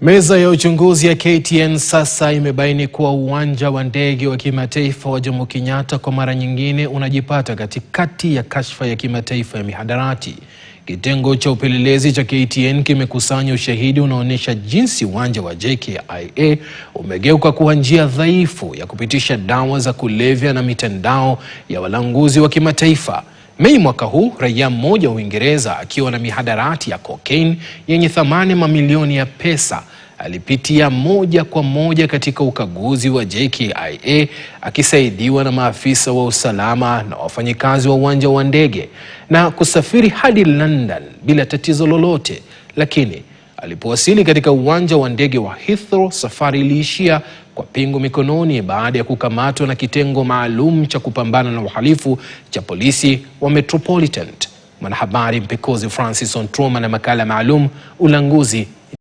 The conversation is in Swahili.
Meza ya uchunguzi ya KTN sasa imebaini kuwa uwanja wa ndege wa kimataifa wa Jomo Kenyatta kwa mara nyingine unajipata katikati ya kashfa ya kimataifa ya mihadarati. Kitengo cha upelelezi cha KTN kimekusanya ushahidi unaonyesha jinsi uwanja wa JKIA umegeuka kuwa njia dhaifu ya kupitisha dawa za kulevya na mitandao ya walanguzi wa kimataifa. Mei mwaka huu raia mmoja wa Uingereza akiwa na mihadarati ya cocaine yenye thamani mamilioni ya pesa alipitia moja kwa moja katika ukaguzi wa JKIA akisaidiwa na maafisa wa usalama na wafanyikazi wa uwanja wa ndege na kusafiri hadi London bila tatizo lolote, lakini Alipowasili katika uwanja wa ndege wa Heathrow, safari iliishia kwa pingu mikononi baada ya kukamatwa na kitengo maalum cha kupambana na uhalifu cha polisi wa Metropolitan. Mwanahabari mpekozi Francis Ontroma na makala maalum Ulanguzi